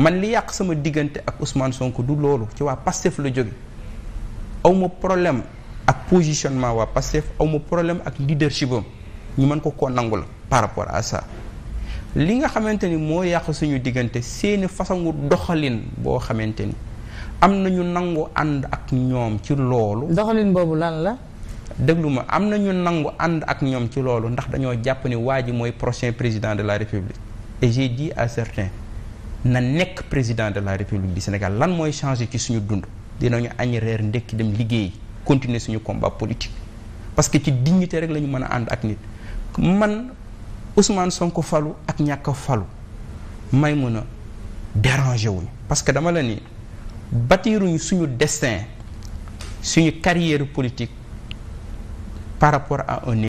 man li yàq sama diggante ak Ousmane sonk du loolu ci waa fu la jóge awma problème ak positionnement waa Pastef awma problème ak leadership am ñu man ko koo nangul par rapport à ça li nga xamante ni moo yàq suñu diggante seeni façon doxalin boo xamante ni am na ñu nangu ànd ak ñoom ci loolu. doxalin boobu lan la. déglu ma am na ñu nangu ànd ak ñoom ci loolu ndax dañoo jàpp ni waa ji mooy prochain président de la république et j'ai dit à certains. na nekk président de la république du Sénégal lan mooy changé ci suñu dund dinañu añ reer ndekki dem liggéey continuer suñu combat politique parce que ci dignité rek la ñu mën a ànd ak nit man Ousmane Sonko falu ak ñàkk falu may mën a déranger wuñu parce que dama la ni batiruñu suñu destin suñu carrière politique par rapport à un